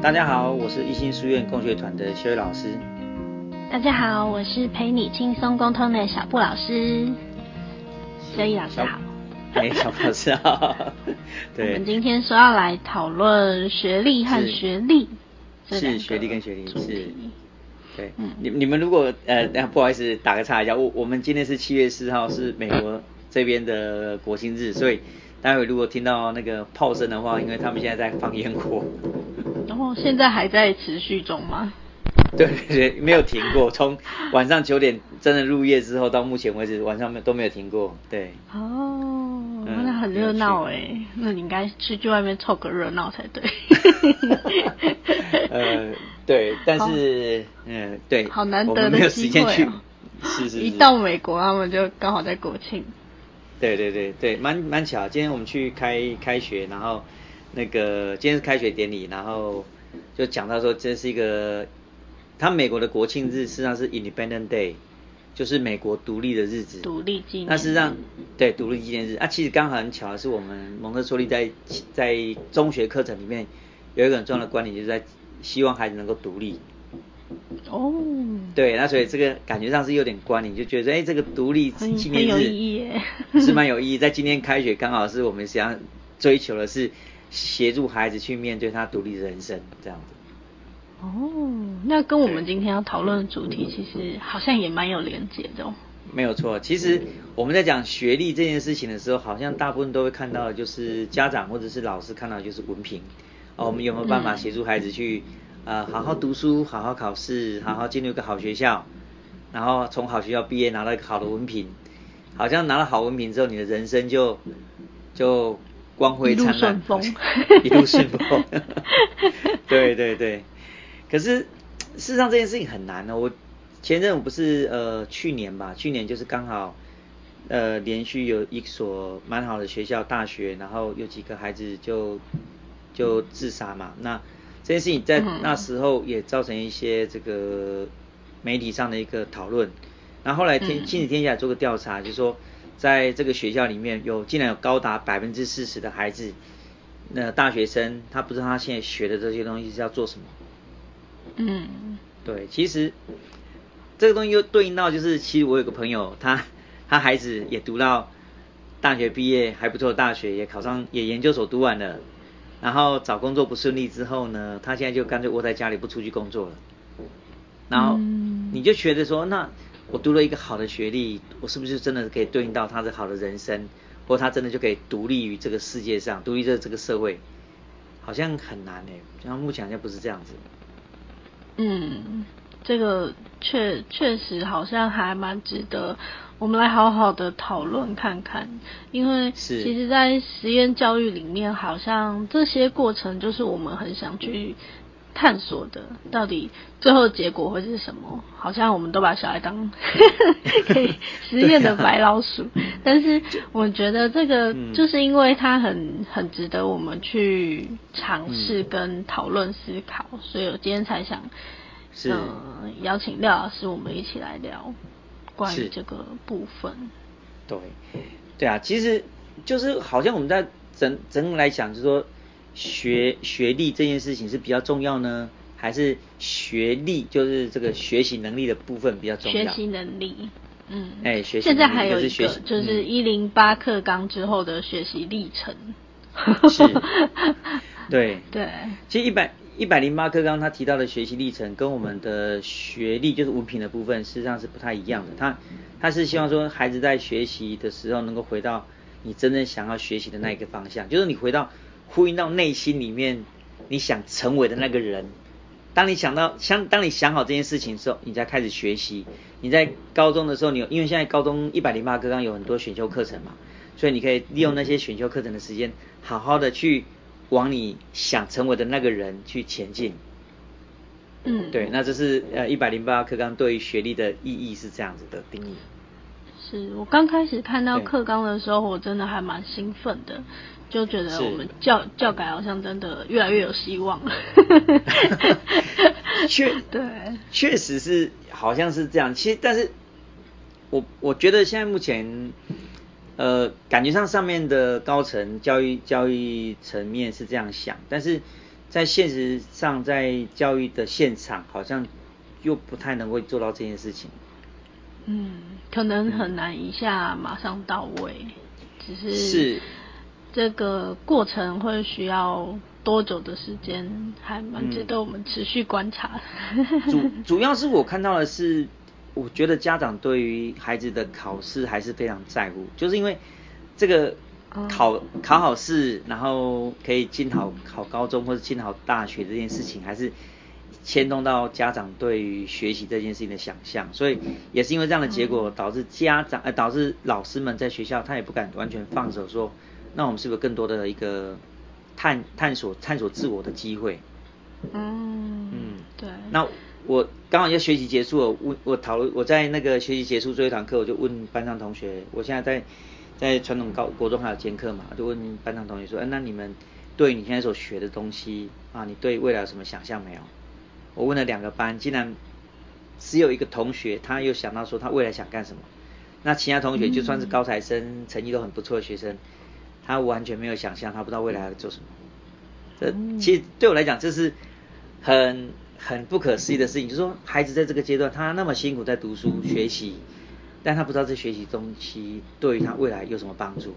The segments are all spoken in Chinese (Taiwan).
大家好，我是一心書院共學團的修毅老師。大家好，我是陪你輕鬆溝通的小布老師。修毅老師好，哎、欸，小布老師好。 對。我們今天說要來討論學歷和學力，是，是學歷跟學力題是。對，嗯、你你們如果呃，不好意思，打個岔一下，我我們今天是七月四號，是美國這邊的國慶日，所以待會如果聽到那個炮聲的話，因為他們現在在放煙火。現在還在持續中嗎？對，對對，沒有停過，從晚上九點真的入夜之後到目前為止晚上都沒有停過，對。哦，那很熱鬧哎，嗯、那你應該去去外面湊個熱鬧才對。 呃，對，但是嗯好、呃，對，好難得的機會、哦沒有時間去，是是，是。一到美國，他們就剛好在國慶。對對對對，蠻蠻巧。今天我們去開開學，然後。那個今天是開學典禮，然後就講到說這是一個，他美國的國慶日實際上是 independent Day，就是美國獨立的日子。獨立紀念。那實際上對獨立紀念日啊，其實剛好很巧的是，我們蒙特梭利在在中學課程裡面有一個很重要的觀念，就是在希望孩子能夠獨立。哦。對，那所以這個感覺上是有點關聯，你就覺得哎、欸，這個獨立紀念日 是蠻有意義，在今天開學剛好是我們想要追求的是。協助孩子去面對他獨立的人生，這樣子。哦，那跟我們今天要討論的主題其實好像也蠻有連結的哦。沒有錯，其實我們在講學歷這件事情的時候，好像大部分都會看到，就是家長或者是老師看到的就是文憑。哦，我們有沒有辦法協助孩子去啊、嗯呃、好好讀書、好好考試、好好進入一個好學校，然後從好學校畢業拿到一個好的文憑？好像拿了好文憑之後，你的人生就就。光輝燦爛，一路順風， 一路順順風， 對對對。可是事實上這件事情很難、哦、我前陣子不是呃去年吧，去年就是剛好呃連續有一所蠻好的學校大學，然後有幾個孩子就就自殺嘛。嗯、那這件事情在那時候也造成一些這個媒體上的一個討論。然後後來天親子天下來做個調查，嗯、就是說。在這個學校裡面，有竟然有高達百分之四十的孩子，那大學生他不知道他現在學的這些東西是要做什麼。嗯，對，其實這個東西又對應到就是，其實我有個朋友，他他孩子也讀到大學畢業，還不錯的大學，也考上，也研究所讀完了，然後找工作不順利之後呢，他現在就乾脆窩在家裡不出去工作了。然後，嗯，你就覺得說那。我讀了一個好的學歷，我是不是真的可以對應到他的好的人生，或他真的就可以獨立於這個世界上，獨立在這個社會？好像很難誒、欸，然後目前好像不是這樣子。嗯，這個確確實好像還蠻值得我們來好好的討論看看，因為其實，在實驗教育裡面，好像這些過程就是我們很想去。探索的到底最後結果會是什麼？好像我們都把小孩當 可以實驗的白老鼠， 啊、但是我覺得這個就是因為它很很值得我們去嘗試跟討論思考，嗯、所以我今天才想嗯是、呃、邀請廖老師，我們一起來聊關於這個部分。對對啊，其實就是好像我們在整整來講，就是說。學學歷這件事情是比較重要呢，還是學歷就是這個學習能力的部分比較重要？學習能力，嗯，哎、欸，學習能力，現在還有一個，一個是學習，就是一零八課綱之後的學習歷程，嗯、 是，對，對。其實一百一百零八課綱他提到的學習歷程，跟我們的學歷就是文憑的部分事實上是不太一樣的。他他是希望說孩子在學習的時候能夠回到你真正想要學習的那一個方向，嗯、就是你回到。呼應到內心裡面，你想成為的那個人。當你想到想，當你想好這件事情的時候，你才開始學習。你在高中的時候，你有因為現在高中一百零八課綱有很多選修課程嘛，所以你可以利用那些選修課程的時間，好好的去往你想成為的那個人去前進。嗯，對，那這是呃一百零八課綱對於學歷的意義是這樣子的定義。嗯，是，我剛開始看到課綱的時候，對我真的還蠻興奮的。就覺得我們教是教改好像真的越來越有希望了，確對，確實是好像是這樣。其實，但是我我覺得現在目前，呃，感覺上上面的高層教育教育層面是這樣想，但是在現實上，在教育的現場，好像又不太能夠做到這件事情。嗯，可能很難一下馬上到位，嗯、只是是。這個過程會需要多久的時間，還蠻值得我們持續觀察。嗯、主主要是我看到的是，我覺得家長對於孩子的考試還是非常在乎，就是因為這個考考好試，然後可以進好考高中或者進好大學這件事情，還是牽動到家長對於學習這件事情的想象，所以也是因為這樣的結果，導致家長呃導致老師們在學校他也不敢完全放手說。那我們是不是有更多的一個探探索探索自我的機會？嗯嗯，嗯對。那我剛好要學習結束了，我問，我討論，我在那個學習結束最後一堂課，我就問班上同學，我現在在在傳統高國中還有兼課嘛，就問班上同學說，哎、欸，那你們對你現在所學的東西啊，你對未來有什麼想象沒有？我問了兩個班，竟然只有一個同學，他又想到說他未來想幹什麼。那其他同學就算是高材生，嗯、成績都很不錯的學生。他完全沒有想象，他不知道未來要做什麼。這其實對我來講，這是很很不可思議的事情，就是說孩子在這個階段，他那麼辛苦在讀書學習，但他不知道這學習東西對於他未來有什麼幫助。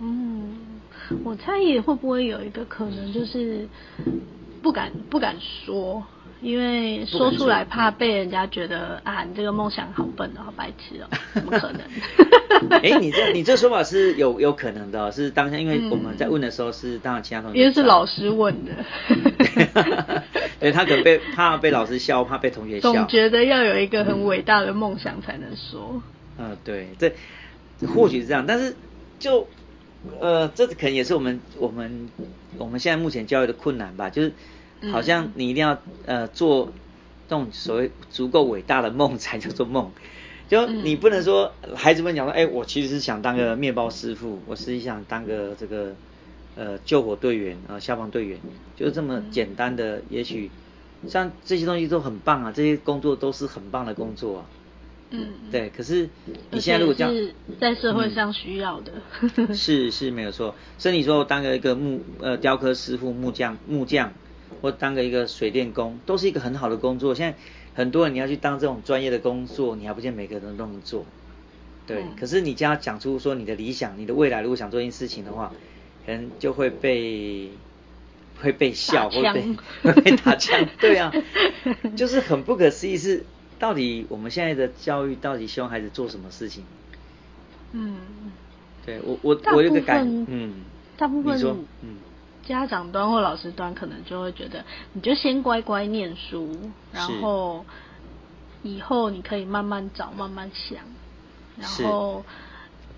嗯，我猜也會不會有一個可能，就是不敢不敢說。因為說出來怕被人家覺得啊，你這個夢想好笨哦，好白痴哦，喔，怎麼可能？哎、 欸，你這你這說法是有有可能的，是當下，因為我們在問的時候是、嗯、當下其他同學，因為是老師問的，對、嗯， 他可能被怕被老師笑，怕被同學笑，總覺得要有一個很偉大的夢想才能說。嗯、呃，對，這或許是這樣，嗯、但是就呃，這可能也是我們我們我們現在目前教育的困難吧，就是。嗯、好像你一定要呃做這種所謂足夠偉大的夢才叫做夢，就你不能說孩子們講說，哎、欸，我其實是想當個麵包師傅，我實際想當個這個呃救火隊員啊、呃、消防隊員，就是這麼簡單的，也許像這些東西都很棒啊，這些工作都是很棒的工作，啊。嗯，對，可是你現在如果這樣，是在社會上需要的、嗯、是是沒有錯，所以你說我當個一個木呃雕刻師傅、木匠、木匠。或當個一個水電工，都是一個很好的工作。現在很多人你要去當這種專業的工作，你還不見每個人都能做。對，嗯、可是你只要講出說你的理想，你的未來如果想做一件事情的話，人就會被會被笑，槍會被會被打槍。 對啊，就是很不可思議是，是到底我們現在的教育到底希望孩子做什麼事情？嗯，對我我我有一個感，嗯，大部分你說，嗯。家長端或老師端可能就會覺得，你就先乖乖念書，然後以後你可以慢慢找、慢慢想，然後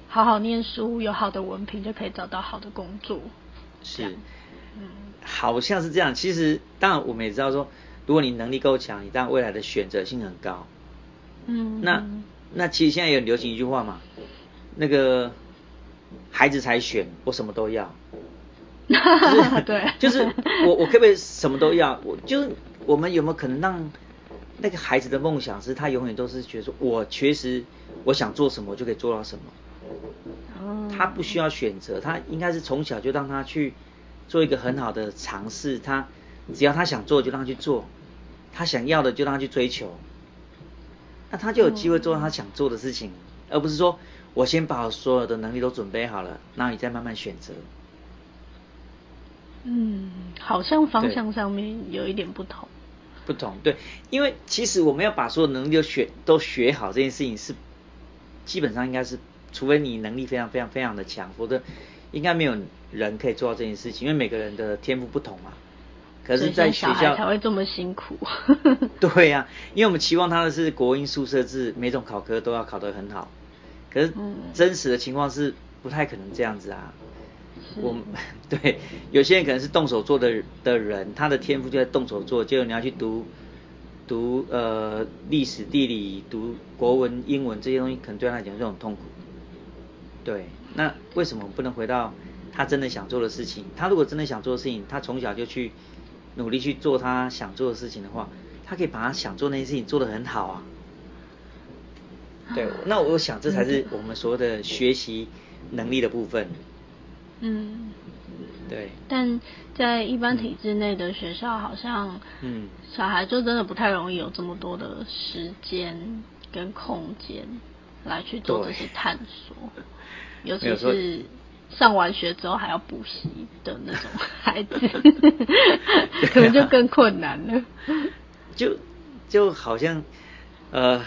好好念書，有好的文憑就可以找到好的工作。是，樣是嗯，好像是這樣。其實當然我們也知道說，如果你能力夠強，你當然未來的選擇性很高。嗯，那那其實現在也有流行一句話嘛，那個孩子才選，我什麼都要。 就是對，就是我我可不可以什麼都要？我就是我們有沒有可能讓那個孩子的夢想是他永遠都是覺得說，我確實我想做什麼，就可以做到什麼。他不需要選擇，他應該是從小就讓他去做一個很好的嘗試。他只要他想做，就讓他去做；他想要的，就讓他去追求。那他就有機會做到他想做的事情，嗯、而不是說我先把我所有的能力都準備好了，然後你再慢慢選擇。嗯，好像方向上面對有一點不同。不同，對，因為其實我們要把所有能力都學都學好這件事情，是基本上應該是，除非你能力非常非常非常的強，否則應該沒有人可以做到這件事情，因為每個人的天賦不同嘛。可是在學校才會這麼辛苦。 對呀、啊，因為我們期望他的是國、英、數、社、自，每種考科都要考得很好，可是真實的情況是不太可能這樣子啊。我對，有些人可能是動手做的的人，他的天賦就在動手做。結果你要去讀讀呃歷史、地理、讀國文、英文這些東西，可能對他來講是很痛苦。對，那為什麼不能回到他真的想做的事情？他如果真的想做的事情，他從小就去努力去做他想做的事情的話，他可以把他想做的那些事情做得很好啊。對，那我想這才是我們所謂的學習能力的部分。嗯，對，但在一般體制內的學校，好像，嗯，小孩就真的不太容易有這麼多的時間跟空間來去做這些探索，對尤其是上完學之後還要補習的那種孩子，可能 就更困難了就。就就好像，呃，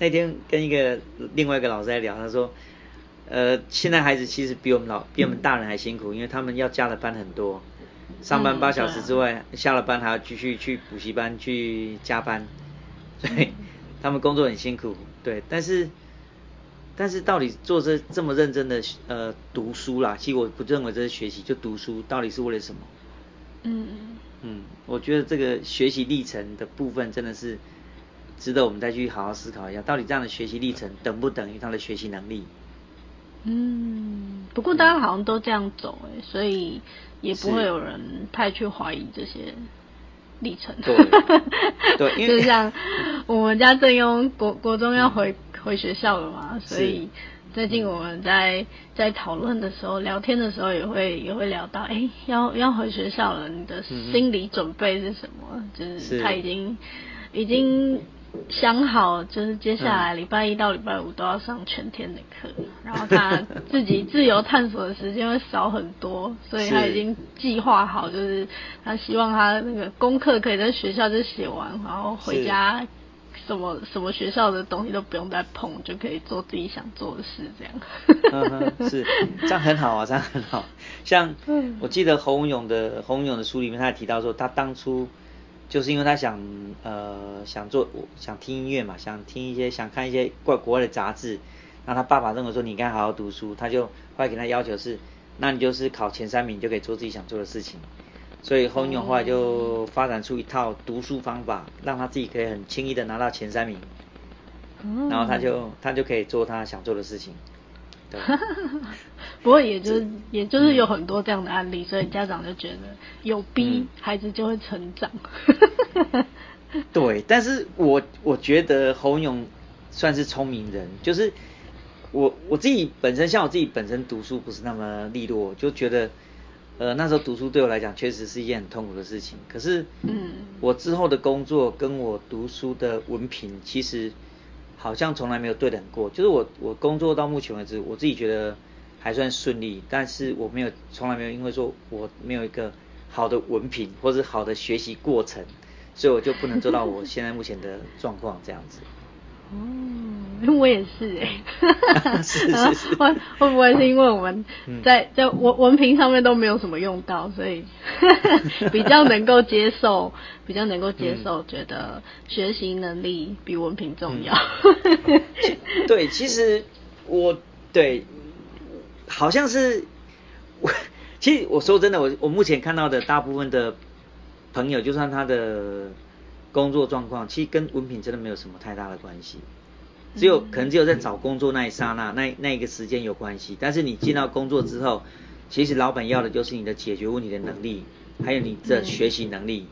那天跟一個另外一個老師在聊，他說。呃，現在孩子其實比我們老，比我們大人還辛苦，嗯、因為他們要加的班很多，上班八小時之外，嗯啊、下了班還要繼續去補習班去加班，嗯、所以他們工作很辛苦。對，但是但是到底做這這麼認真的呃讀書啦，其實我不認為這是學習，就讀書到底是為了什麼？嗯嗯嗯，我覺得這個學習歷程的部分真的是值得我們再去好好思考一下，到底這樣的學習歷程等不等於他的學習能力？嗯，不過大家好像都這樣走、欸、嗯、所以也不會有人太去懷疑這些歷程。對，對 就像我們家正庸國國中要回、嗯、回學校了嘛，所以最近我們在在討論的時候、聊天的時候也會也會聊到，哎、欸，要要回學校了，你的心理準備是什麼？嗯、就是他已經是已經。嗯想好就是接下來禮拜一到禮拜五都要上全天的課，嗯、然後他自己自由探索的時間會少很多，所以他已經計劃好，是就是他希望他那個功課可以在學校就寫完，然後回家什麼是什麼學校的東西都不用再碰，就可以做自己想做的事，這樣。嗯、是這樣很好啊，這樣很好。像我記得洪永的洪永的書裡面，他也提到說，他當初。就是因為他想呃、想做想聽音樂嘛，想聽一些想看一些國國外的雜誌，那他爸爸認為說，你應該好好讀書，他就會給他要求是，那你就是考前三名就可以做自己想做的事情，所以 Honu 後來就發展出一套讀書方法，讓他自己可以很輕易的拿到前三名，然後他就他就可以做他想做的事情。對 不過，也就是這也就是有很多這樣的案例，嗯、所以家長就覺得有逼孩子就會成長、嗯。 對，但是我我覺得侯勇算是聰明人，就是我我自己本身，像我自己本身讀書不是那麼利落，就覺得呃那時候讀書對我來講確實是一件很痛苦的事情。可是，嗯，我之後的工作跟我讀書的文憑其實。好像從來沒有對等過，就是我我工作到目前為止，我自己覺得還算順利，但是我沒有，從來沒有因為說我沒有一個好的文憑或者好的學習過程，所以我就不能做到我現在目前的狀況這樣子。哦、嗯，我也是哎、欸， 是是、是， 會不會是，因為我們在在文、嗯、文憑上面都沒有什麼用到，所以 比較能夠接受，嗯、比較能夠接受，覺得學習能力比文憑重要、嗯哦。對，其實我對，好像是我，其實我說真的，我我目前看到的大部分的朋友，就算他的。工作狀況其實跟文憑真的沒有什麼太大的關係，只有可能只有在找工作那一剎那，那那一個時間有關係。但是你進到工作之後，其實老闆要的就是你的解決問題的能力，還有你的學習能力。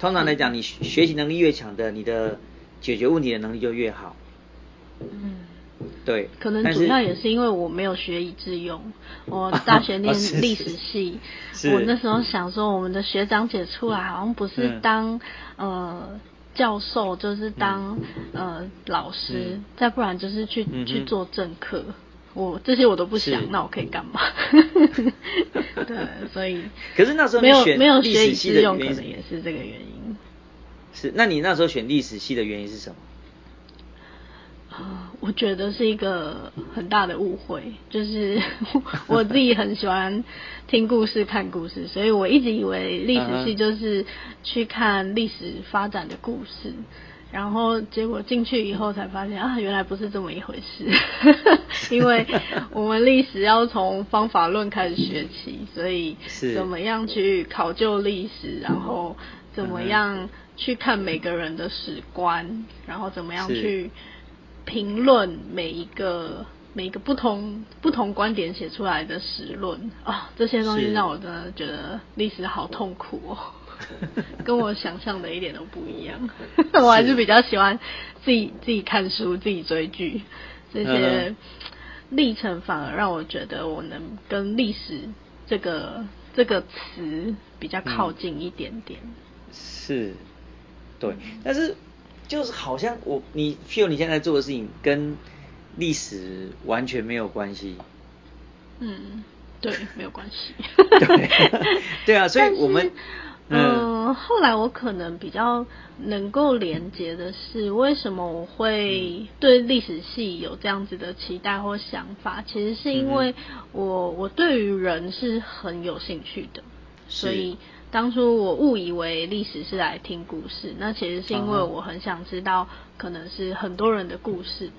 通常來講，你學習能力越強的，你的解決問題的能力就越好。嗯。對，可能主要也是因為我沒有學以致用。我大學念歷史系，我那時候想說，我們的學長姐出來好像不是當呃教授，就是當呃老師，再不然就是去去做政客。我這些我都不想，那我可以幹嘛？對，所以。可是那時候沒有沒有學以致用，可能也是這個原因。是，那你那時候選歷史系的原因是什麼？啊。我覺得是一個很大的誤會，就是我自己很喜歡聽故事、看故事， 所以我一直以為歷史系就是去看歷史發展的故事，uh huh. 然後結果進去以後才發現啊，原來不是這麼一回事。 因為我們歷史要從方法論開始學起，所以怎麼樣去考究歷史，然後怎麼樣去看每個人的史觀，然後怎麼樣去、uh。Huh. 評論每一個每一個不同不同觀點寫出來的史論啊，這些東西讓我真的覺得歷史好痛苦哦，是跟我想象的一點都不一樣。 是 我還是比較喜歡自己自己看書、自己追劇。這些歷程反而讓我覺得我能跟歷史這個這個詞比較靠近一點點。嗯、是，對，但是。就是好像我你 feel 你現在做的事情跟歷史完全沒有關係。嗯，對，沒有關係。對 對啊，所以我們、呃、嗯，後來我可能比較能夠連接的是，為什麼我會對歷史系有這樣子的期待或想法？其實是因為我我對於人是很有興趣的。所以當初我誤以為歷史是來聽故事，那其實是因為我很想知道可能是很多人的故事。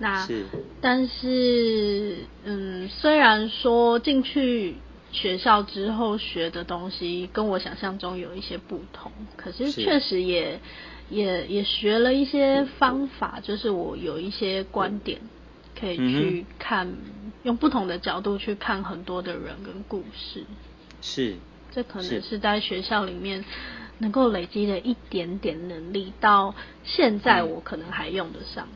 那是但是嗯，雖然說進去學校之後學的東西跟我想象中有一些不同，可是確實也是也也學了一些方法，就是我有一些觀點可以去看，嗯、哼用不同的角度去看很多的人跟故事。是。這可能是在學校裡面能夠累積的一點點能力，到現在我可能還用得上。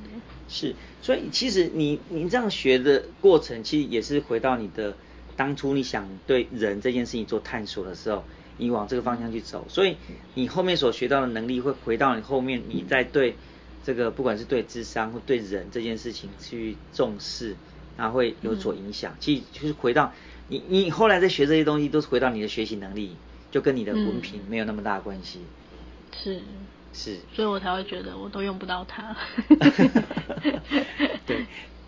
是，所以其實你你這樣學的過程，其實也是回到你的當初你想對人這件事情做探索的時候，你往這個方向去走，所以你後面所學到的能力會回到你後面，你在對這個不管是對智商或對人這件事情去重視，然後會有所影響。嗯、其實就是回到。你你後來再學這些東西，都是回到你的學習能力，就跟你的文憑沒有那麼大的關係，嗯。是是，所以我才會覺得我都用不到它。 對，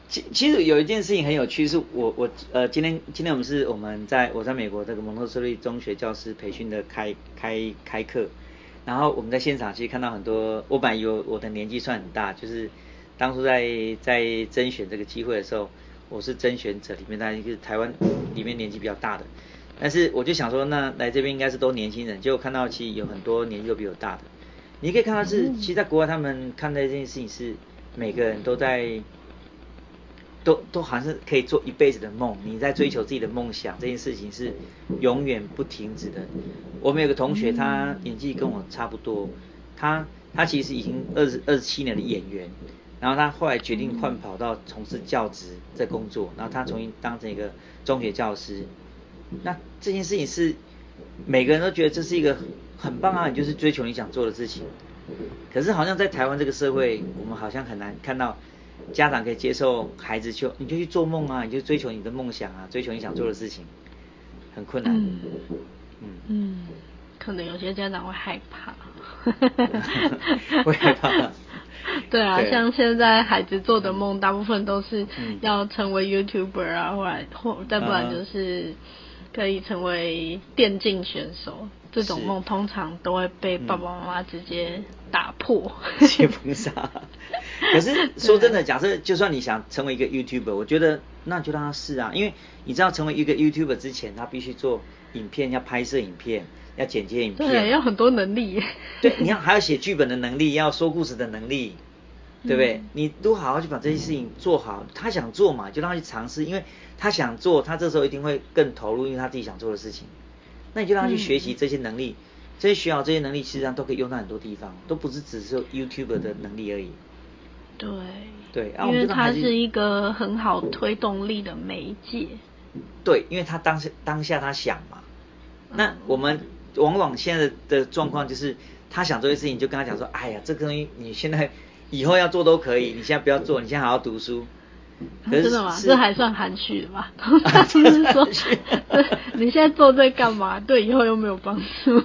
其其實有一件事情很有趣，是我我呃，今天今天我們是我們在我在美國這個蒙特梭利中學教師培訓的開開開課，然後我們在現場其實看到很多，我本正有我的年紀算很大，就是當初在在甄選這個機會的時候。我是甄選者裡面，他就是台灣裡面年紀比較大的，但是我就想說，那來這邊應該是都年輕人，結果看到其實有很多年紀都比我大的。你可以看到是，其實在國外他們看待這件事情是每個人都在，都都好像是可以做一輩子的夢，你在追求自己的夢想這件事情是永遠不停止的。我們有個同學，他年紀跟我差不多，他他其實已經二十二十七年的演員。然後他後來決定換跑道，從事教職在工作。嗯、然後他重新當成一個中學教師。那這件事情是每個人都覺得這是一個很棒啊，你就是追求你想做的事情。可是好像在台灣這個社會，我們好像很難看到家長可以接受孩子去，你就去做夢啊，你就追求你的夢想啊，追求你想做的事情，很困難。嗯，嗯嗯可能有些家長會害怕。會 害怕、啊。對啊，對啊，像現在孩子做的夢，嗯、大部分都是要成為 YouTuber 啊，或者或再不然就是可以成為電競選手。嗯、這種夢通常都會被爸爸媽媽直接打破，被封殺。可是說真的，假設就算你想成為一個 YouTuber，、啊、我覺得那就讓他試啊，因為你知道成為一個 YouTuber 之前，他必須做影片，要拍攝影片。要剪接影片對，要很多能力。對，你要還要寫劇本的能力，要說故事的能力，嗯、對不對？你都好好去把這些事情做好。嗯、他想做嘛，就讓他去嘗試，因為他想做，他這時候一定會更投入，因為他自己想做的事情。那你就讓他去學習這些能力，這些、嗯、學好這些能力，其實際上都可以用到很多地方，都不是只是 YouTuber 的能力而已。嗯、對。對、啊，因為他是一個很好推動力的媒介。對，因為他當下，當下他想嘛，那我們。往往現在的狀況就是，他想做一些事情，你就跟他講說：“哎呀，這個東西你現在以後要做都可以，你現在不要做，你現在好好讀書。可是是嗯”真的嗎？這還算含蓄的吧？他其實說哈哈你現在做這幹嘛？對以後又沒有幫助，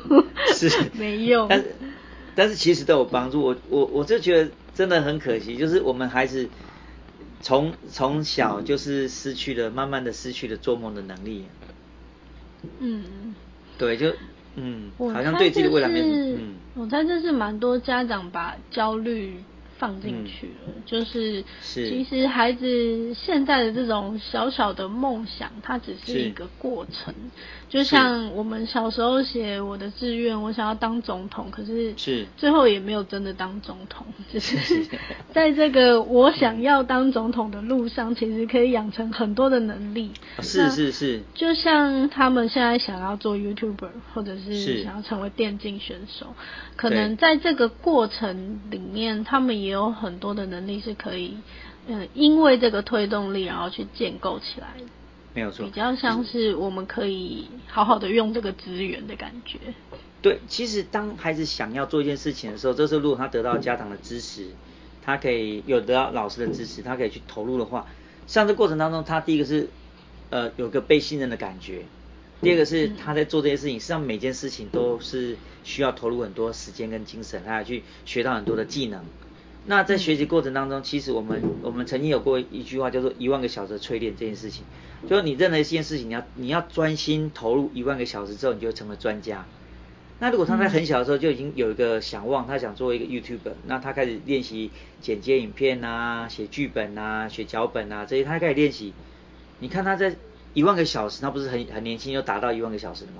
是， 沒用。但是但是其實都有幫助。我我我就覺得真的很可惜，就是我們孩子從從小就是失去了，嗯、慢慢的失去了做夢的能力。嗯。對，就。嗯，好像對自己的未來沒什麼。我猜這是蠻、嗯、多家長把焦慮。放進去了，嗯、就是，是其實孩子現在的這種小小的夢想，它只是一個過程。是就像我們小時候寫我的志願，我想要當總統，可是是最後也沒有真的當總統。就是，是在這個我想要當總統的路上，其實可以養成很多的能力。是是是，就像他們現在想要做 YouTuber，或者是想要成為電競選手，是可能在這個過程裡面，他們也。也有很多的能力是可以，嗯、呃，因為這個推動力，然後去建構起來。沒有錯，比較像是我們可以好好的用這個資源的感覺。對，其實當孩子想要做一件事情的時候，這時候如果他得到家長的支持，他可以有得到老師的支持，他可以去投入的話，像這過程當中，他第一個是呃有個被信任的感覺，第二個是他在做這些事情，嗯、實際上每件事情都是需要投入很多時間跟精神，他要去學到很多的技能。那在學習過程當中，其實我們我們曾經有過一句話叫做一萬個小時的淬煉這件事情，就是你認為這件事情，你要你要專心投入一萬個小時之後，你就會成了專家。那如果他在很小的時候就已經有一個想望，他想做一個 YouTuber，那他開始練習剪接影片啊，寫劇本啊，寫腳本啊這些，他開始練習。你看他在一萬個小時，他不是很很年輕就達到一萬個小時的嗎？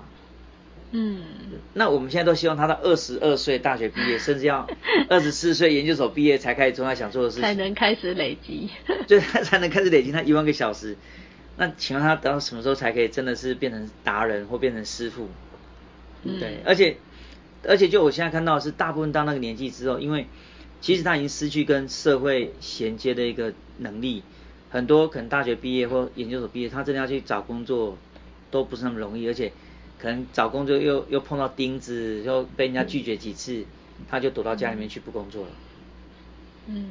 嗯，那我們現在都希望他到二十二歲大學畢業，甚至要二十四歲研究所畢業才開始做他想做的事情，才能開始累積， 就是他才能開始累積他一萬個小時。那請問他等到什麼時候才可以真的是變成達人或變成師傅？嗯、對，而且而且就我現在看到的是大部分到那個年紀之後，因為其實他已經失去跟社會銜接的一個能力，很多可能大學畢業或研究所畢業，他真的要去找工作都不是那麼容易，而且。可能找工作又又碰到釘子，又被人家拒絕幾次，嗯、他就躲到家裡面去不工作了。嗯，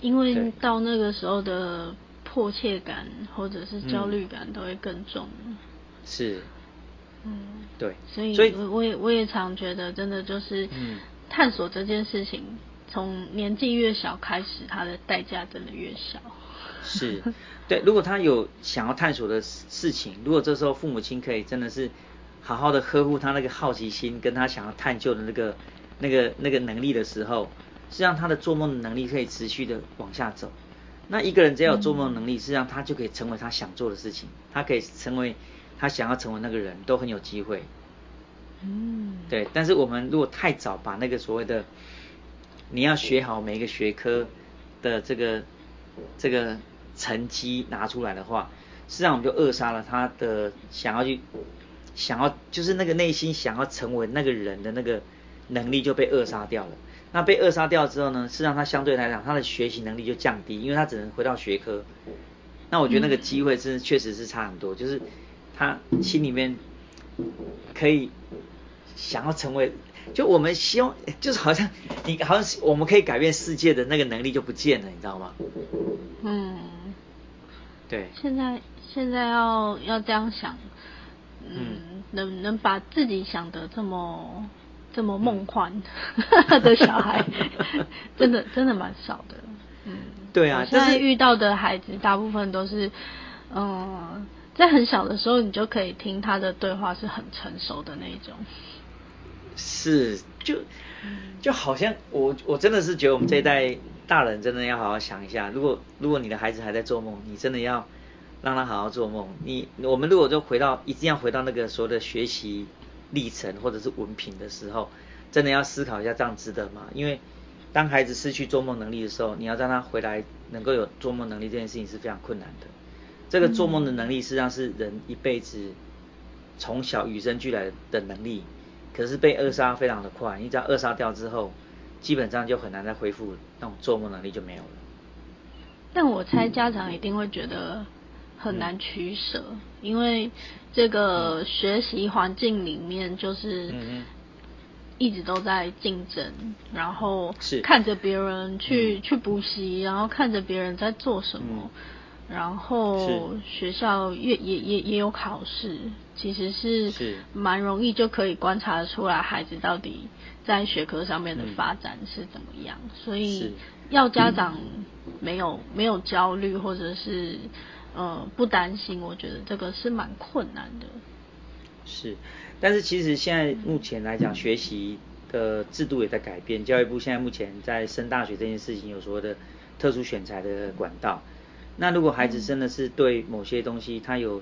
因為到那個時候的迫切感或者是焦慮感都會更重。嗯、是。嗯，對。所以，所以，我我也我也常覺得，真的就是探索這件事情，從、嗯、年紀越小開始，他的代價真的越小。是對， 如果他有想要探索的事情，如果這時候父母親可以真的是。好好的呵護他那個好奇心，跟他想要探究的那個、那個、那個能力的時候，是讓他的做夢的能力可以持續的往下走。那一個人只要有做夢能力，嗯、事實上他就可以成為他想做的事情，他可以成為他想要成為那個人，都很有機會。嗯，對。但是我們如果太早把那個所謂的你要學好每一個學科的這個這個成績拿出來的話，事實上我們就扼殺了他的想要去。想要就是那個內心想要成為那個人的那個能力就被扼殺掉了。那被扼殺掉之後呢？是讓他相對來講他的學習能力就降低，因為他只能回到學科。那我覺得那個機會真的確實是差很多。就是他心裡面可以想要成為，就我們希望就是好像你好像我們可以改變世界的那個能力就不見了，你知道嗎？嗯，對。現在現在要要這樣想。嗯，能能把自己想得這麼這麼夢幻的小孩，嗯、 真的真的蠻少的。嗯，對啊，現在是遇到的孩子大部分都是，嗯，在很小的時候你就可以聽他的對話是很成熟的那一種。是，就就好像我我真的是覺得我們這一代大人真的要好好想一下，如果如果你的孩子還在做夢，你真的要。讓他好好做夢。你我們如果就回到，一定要回到那個所謂的學習歷程或者是文憑的時候，真的要思考一下這樣值得嗎？因為當孩子失去做夢能力的時候，你要讓他回來能夠有做夢能力這件事情是非常困難的。這個做夢的能力實際上是人一輩子從小與生俱來的能力，可是被扼殺非常的快。你只要扼殺掉之後，基本上就很難再恢復，那種做夢能力就沒有了。但我猜家長一定會覺得。很難取舍，因為這個學習環境裡面就是一直都在競爭，然後看着別人去、嗯、去補習，然後看着別人在做什麼，嗯、然後學校也也也也有考試，其實是蠻容易就可以觀察出來孩子到底在學科上面的發展是怎麼樣，所以要家長沒有、嗯、沒有焦慮或者是。呃，不擔心，我覺得這個是蠻困難的。是，但是其實現在目前來講，學習的制度也在改變。嗯、教育部現在目前在升大學這件事情，有所謂的特殊選才的管道。嗯、那如果孩子真的是對某些東西他有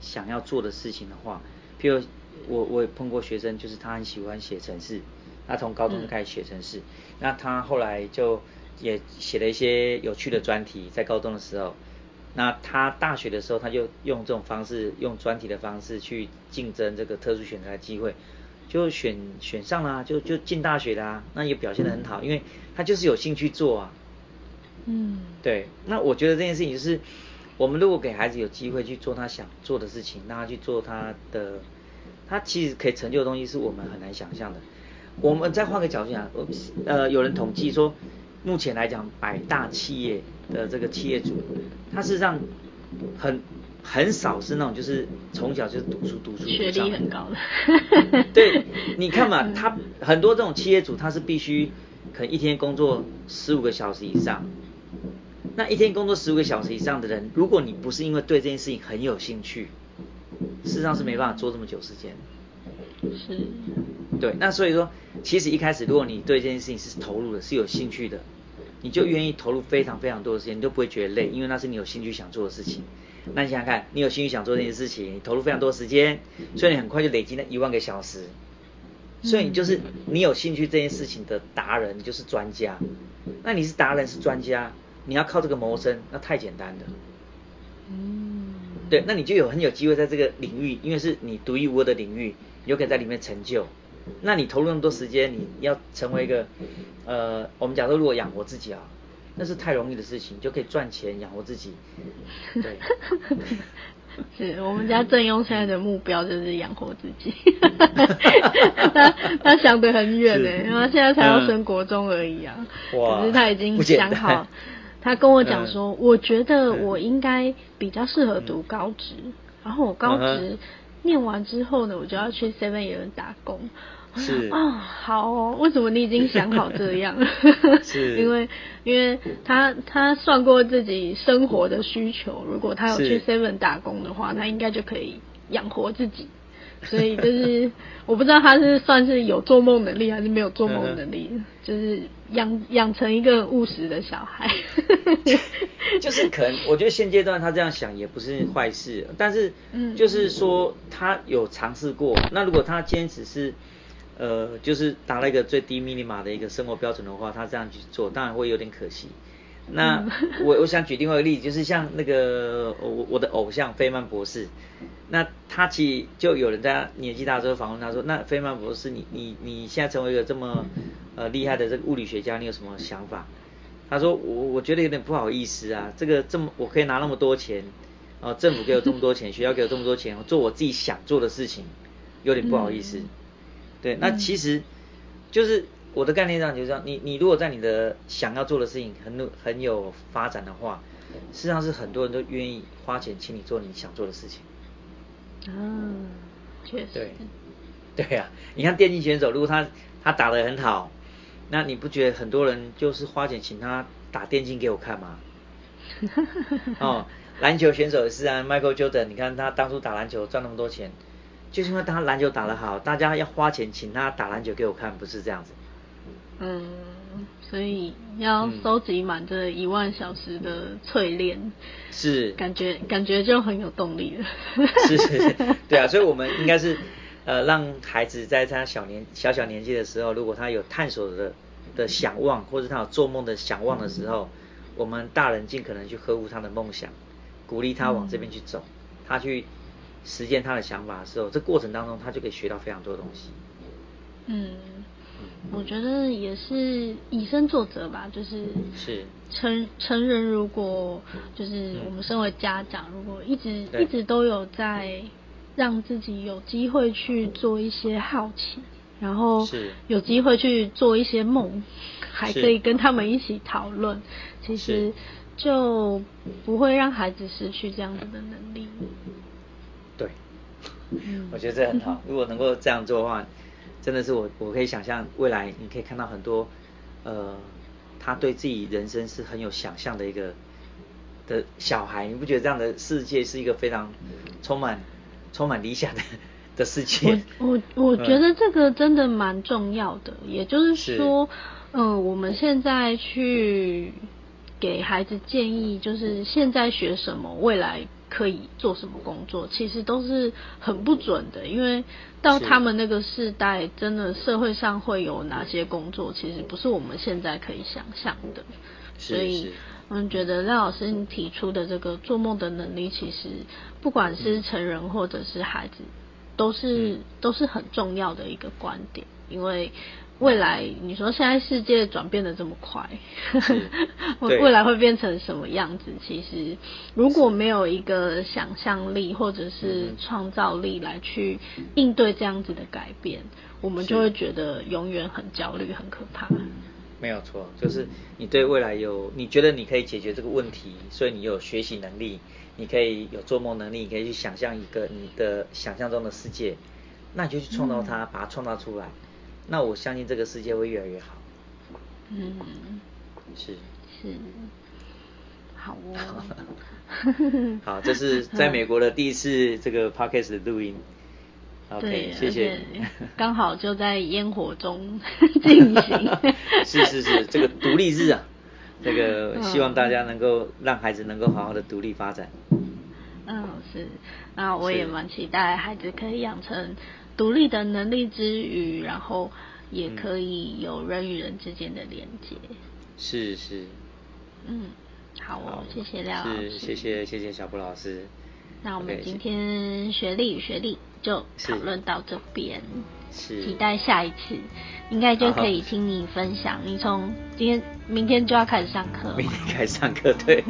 想要做的事情的話，譬如我我也碰過學生，就是他很喜歡寫程式，他從高中就開始寫程式，嗯、那他後來就也寫了一些有趣的專題，嗯、在高中的時候。那他大學的時候，他就用這種方式，用專題的方式去競爭這個特殊選擇的機會，就選選上了啊，就就進大學的啊。那也表現得很好，因為他就是有興趣做啊。嗯，對。那我覺得這件事情就是，我們如果給孩子有機會去做他想做的事情，讓他去做他的，他其實可以成就的東西是我們很難想象的。我們再換個角度講，呃，有人統計說。目前來講，百大企業的這個企業主，他事實上很很少是那種就是從小就是讀書讀書，學歷很高的。 對，你看嘛，他很多這種企業主，他是必須可能一天工作十五個小時以上。那一天工作十五個小時以上的人，如果你不是因為對這件事情很有興趣，事實上是沒辦法做這麼久時間。是。對，那所以說，其實一開始如果你對這件事情是投入的，是有興趣的。你就願意投入非常非常多的時間，你都不會覺得累，因為那是你有興趣想做的事情。那你想想看，你有興趣想做這件事情，你投入非常多時間，所以你很快就累積了一萬個小時。所以你就是你有興趣這件事情的達人，你就是專家。那你是達人是專家，你要靠這個謀生，那太簡單了。嗯。對，那你就有很有機會在這個領域，因為是你獨一無二的領域，你就可以在裡面成就。那你投入那麼多時間，你要成為一個，呃，我們假設如果養活自己啊，那是太容易的事情，就可以賺錢養活自己。對， 是我們家正庸現在的目標就是養活自己， 他他想得很遠呢、欸，是因為他現在才要升國中而已啊，哇可是他已經想好，解他跟我講說，嗯、我覺得我應該比較適合讀高職，嗯、然後我高職念完之後呢，嗯、哼我就要去 seven eleven 打工。是啊、哦，好，哦，為什麼你已經想好這樣？ 是因，因為因為他他算過自己生活的需求，如果他有去 Seven 打工的話，是他應該就可以養活自己。所以就是 我不知道他是算是有做夢能力還是沒有做夢能力，嗯、就是養養成一個務實的小孩。 就是可能我覺得現階段他這樣想也不是壞事，嗯、但是嗯，就是說他有嘗試過，嗯、那如果他堅持是。呃，就是達到一個最低 mina 碼的一個生活標準的話，他這樣去做，當然會有點可惜。那我我想舉另外一個例子，就是像那個我我的偶像費曼博士，那他其實就有人在年紀大的時候訪問他說，那費曼博士，你你你現在成為一個這麼呃厲害的這個物理學家，你有什麼想法？他說我我覺得有點不好意思啊，這個這麼我可以拿那麼多錢，啊、呃、政府給我這麼多錢， 學校給我這麼多錢，我做我自己想做的事情，有點不好意思。嗯對，那其實、嗯、就是我的概念上就是這樣。你你如果在你的想要做的事情很很有發展的話，事實上是很多人都願意花錢請你做你想做的事情。啊、哦，確實。對，對呀、啊。你看電競選手，如果他他打得很好，那你不覺得很多人就是花錢請他打電競給我看嗎？ 哦，籃球選手也是啊，Michael Jordan，你看他當初打籃球賺那麼多錢。就是因為他籃球打得好，大家要花錢請他打籃球給我看，不是這樣子？嗯，所以要收集滿這一萬小時的淬煉、嗯，是感覺感覺就很有動力了。 是是是，對啊，所以我們應該是呃，讓孩子在他小年小小年紀的時候，如果他有探索的的想望，或者他有做夢的想望的時候，嗯、我們大人盡可能去呵護他的夢想，鼓勵他往這邊去走，嗯、他去。實踐他的想法的時候，這過程當中他就可以學到非常多的東西。嗯，我覺得也是以身作則吧，就是成成人如果就是我們身為家長，如果一直對一直都有在讓自己有機會去做一些好奇，然後是有機會去做一些夢，是還可以跟他們一起討論，是其實就不會讓孩子失去這樣子的能力。對，我覺得這很好。如果能夠這樣做的話，真的是我，我可以想象未來你可以看到很多，呃，他對自己人生是很有想象的一個的小孩。你不覺得這樣的世界是一個非常充滿、嗯、充滿理想的的世界？我我，我覺得這個真的蠻重要的，嗯、也就是說，嗯是、呃，我們現在去。給孩子建議，就是現在學什麼，未來可以做什麼工作，其實都是很不準的，因為到他們那個時代，是真的社會上會有哪些工作，其實不是我們現在可以想象的。所以，我們覺得廖老師你提出的這個做夢的能力，其實不管是成人或者是孩子，都是、嗯、都是很重要的一個觀點，因為。未來，你說現在世界轉變得這麼快呵呵，未來會變成什麼樣子？其實如果沒有一個想象力或者是創造力來去應對這樣子的改變，是我們就會覺得永遠很焦慮、很可怕。沒有錯，就是你對未來有，你覺得你可以解決這個問題，所以你有學習能力，你可以有做夢能力，你可以去想象一個你的想象中的世界，那你就去創造它，嗯、把它創造出來。那我相信這個世界會越來越好。嗯，是是，好哦。 好，這是在美國的第一次這個 Podcast 的錄音。OK，對謝謝。剛好就在煙火中進 行。 是是是，這個獨立日啊， 這個希望大家能夠讓孩子能夠好好的獨立發展。嗯、哦，是。那我也蠻期待孩子可以養成，獨立的能力之餘，然後也可以有人與人之間的連接。是是。嗯，好哦，好謝謝廖老師。謝謝謝謝小布老師。那我們今天學歷與 OK, 學力就討論到這邊。是。期待下一次，是應該就可以聽你分享。好你從今天明天就要開始上課。明天開始上課對。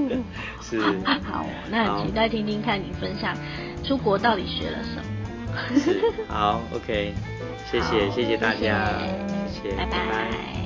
是。好，那很期待聽聽看你分享好出國到底學了什麼。 是，好，OK，謝謝，好謝謝大家，謝謝，謝謝拜拜。拜拜。